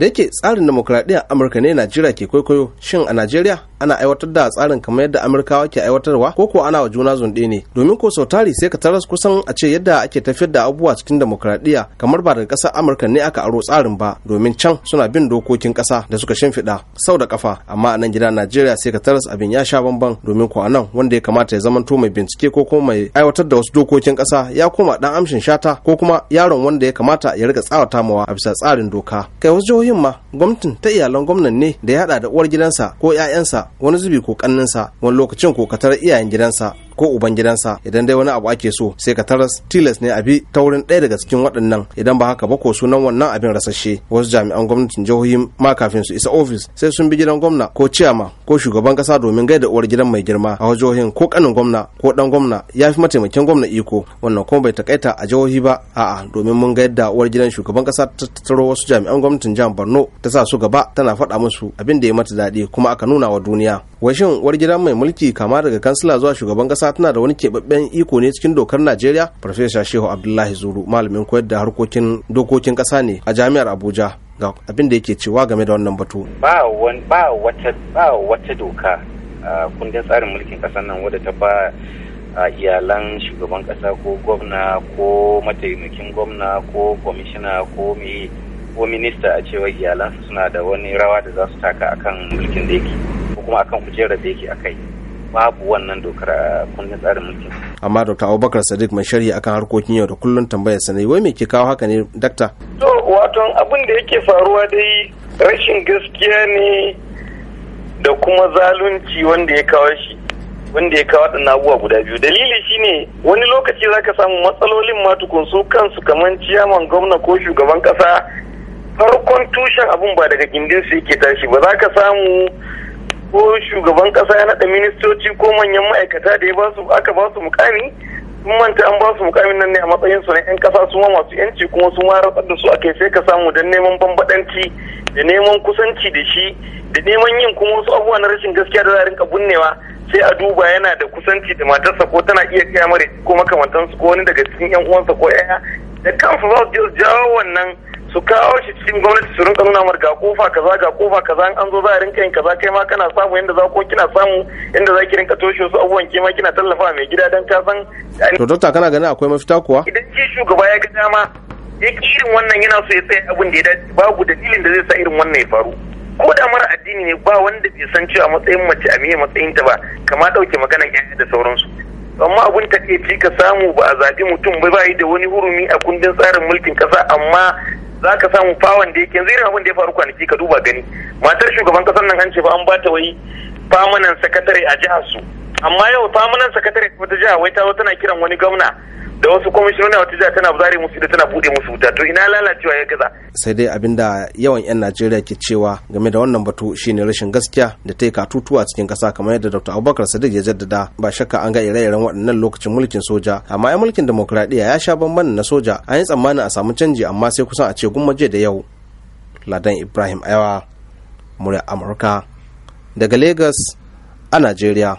da yake tsarin demokradiyyar amurka ne najeriya ke kwaikwayo shin a najeriya ana aiwatar da tsarin kamar yadda amurkawa ke aiwatarwa ko ko ana wa juna zunde ne domin ko sau tari sai ka taras kusan a ce yadda ake tafiyar da abubuwa cikin demokradiyya kamar ba daga ƙasar amurka ne aka aro tsarin ba domin can suna bin dokokin ƙasa da suka shimfiɗa sau da kafa amma a nan gida najeriya sai ka taras abin ya sha bamban domin ko a nan wanda ya kamata ya zamanto mai bincike ko kuma mai aiwatar da wasu dokokin ƙasa ya koma dan amshin shata ko kuma yaron wanda ya kamata ya riga tsawata mawa a bisa tsarin doka kai wasu jihohin ma gwamnatin ta iyalan gwamnan ne da ya hada da uwar gidansa ko 'ya'yansa wani zubi ko kanninsa wani lokacin ko katar iyayen gidansa ko uban gidansa idan dai wani abu ake so sai ka taras tilas ne a bi ta wurin ɗaya daga cikin waɗannan idan ba haka ba ko sunan wannan abin rasashe wasu jami'an gwamnatin jihohi ma kafin su isa ofis sai sun bi gidan gwamna ko ciyama ko shugaban kasa domin gaida uwar gidan mai girma a wajohin ko kanin gwamna ko dan gwamna ya fi mataimakin gwamna iko wannan kuma bai takaita a jihohi ba a'a domin mun gaida uwar gidan shugaban kasa ta tattaro wasu jami'an gwamnatin jihar Borno ta sa su gaba tana faɗa musu abin da ya mata daɗi kuma aka nuna wa duniya washin uwar gidan mai mulki kama daga kansila zuwa shugaban kasa tana da wani keɓaɓɓen iko ne cikin dokar najeriya farfesa shehu abdullahi zuru malamin koyar da harkokin dokokin ƙasa ne a jami'ar abuja ga abin da yake cewa game da wannan batu ba wata ba wata doka a kundin tsarin mulkin ƙasar nan wadda ta ba a iyalan shugaban ƙasa ko gwamna ko mataimakin gwamna ko kwamishina ko me ko minista a cewa iyalansu suna da wani rawa da za su taka akan mulkin da yake ko kuma akan kujerar da yake a kai babu wannan dokar a kundin tsarin mulki amma dr abubakar sadiq mai shari'a akan harkokin yau da kullun tambayar sanai wai me ke kawo haka ne dakta to waton abin da yake faruwa dai rashin gaskiya ne da kuma zalunci wanda ya kawo shi wanda ya kawo ɗan abubuwa guda biyu dalili shine wani lokaci za ka samu matsalolin ma tukun su kansu kamar ciyaman gwamna ko shugaban ƙasa farkon tushen abun ba daga gindin su yake tashi ba za ka samu ko shugaban kasa ya naɗa ministoci ko manyan ma'aikata da ya ba su aka ba su mukami sun manta an ba su mukamin nan ne a matsayin su na yan kasa su ma masu yanci kuma su ma rasar da su a kai sai ka samu don neman bambadanci da neman kusanci da shi da neman yin kuma wasu abubuwa na rashin gaskiya da za a bunnewa sai a duba yana da kusanci da matarsa ko tana iya mare ko makamantansu ko wani daga cikin yan uwansa ko yaya da kansu za su jawo wannan su kawo shi cikin gwamnati su rinka nuna mar ga kofa kaza ga kofa kaza an zo za a rinka yin kaza kai ma kana samu yanda za ko kina samu yanda za ki rinka toshe su abubuwan ke ma kina tallafa mai gida dan ka san to dokta kana ganin akwai mafita kuwa idan ki shugaba ya ga dama ya irin wannan yana so ya tsaya abin da ya dace babu dalilin da zai sa irin wannan ya faru ko da mara addini ne ba wanda bai san cewa matsayin mace a miye ta ba kama dauke maganar ƴaƴa da sauransu amma abun ci ka samu ba a zaɓi mutum ba yi da wani hurumi a kundin tsarin mulkin ƙasa amma za ka samu fawon da yake yanzu irin abin da ya faru kwanaki ka duba gani matar shugaban kasar nan an ce ba an ba ta wai famanan sakatare a jihar su amma yau famanan sakatare ta jiha wai ta tana kiran wani gwamna da wasu kwamishinoni a wata tana zare musu da tana bude musu wuta to ina lalacewa ya gaza sai dai abin da yawan yan najeriya ke cewa game da wannan batu shine rashin gaskiya da ta yi katutuwa cikin kasa kamar yadda dr abubakar sadiq ya jaddada ba shakka an ga ire-iren waɗannan lokacin mulkin soja amma ya mulkin demokradiyya ya sha bamban na soja an yi tsammanin a samu canji amma sai kusan a ce gummaje da yau ladan ibrahim aiwa murya amurka daga lagos a najeriya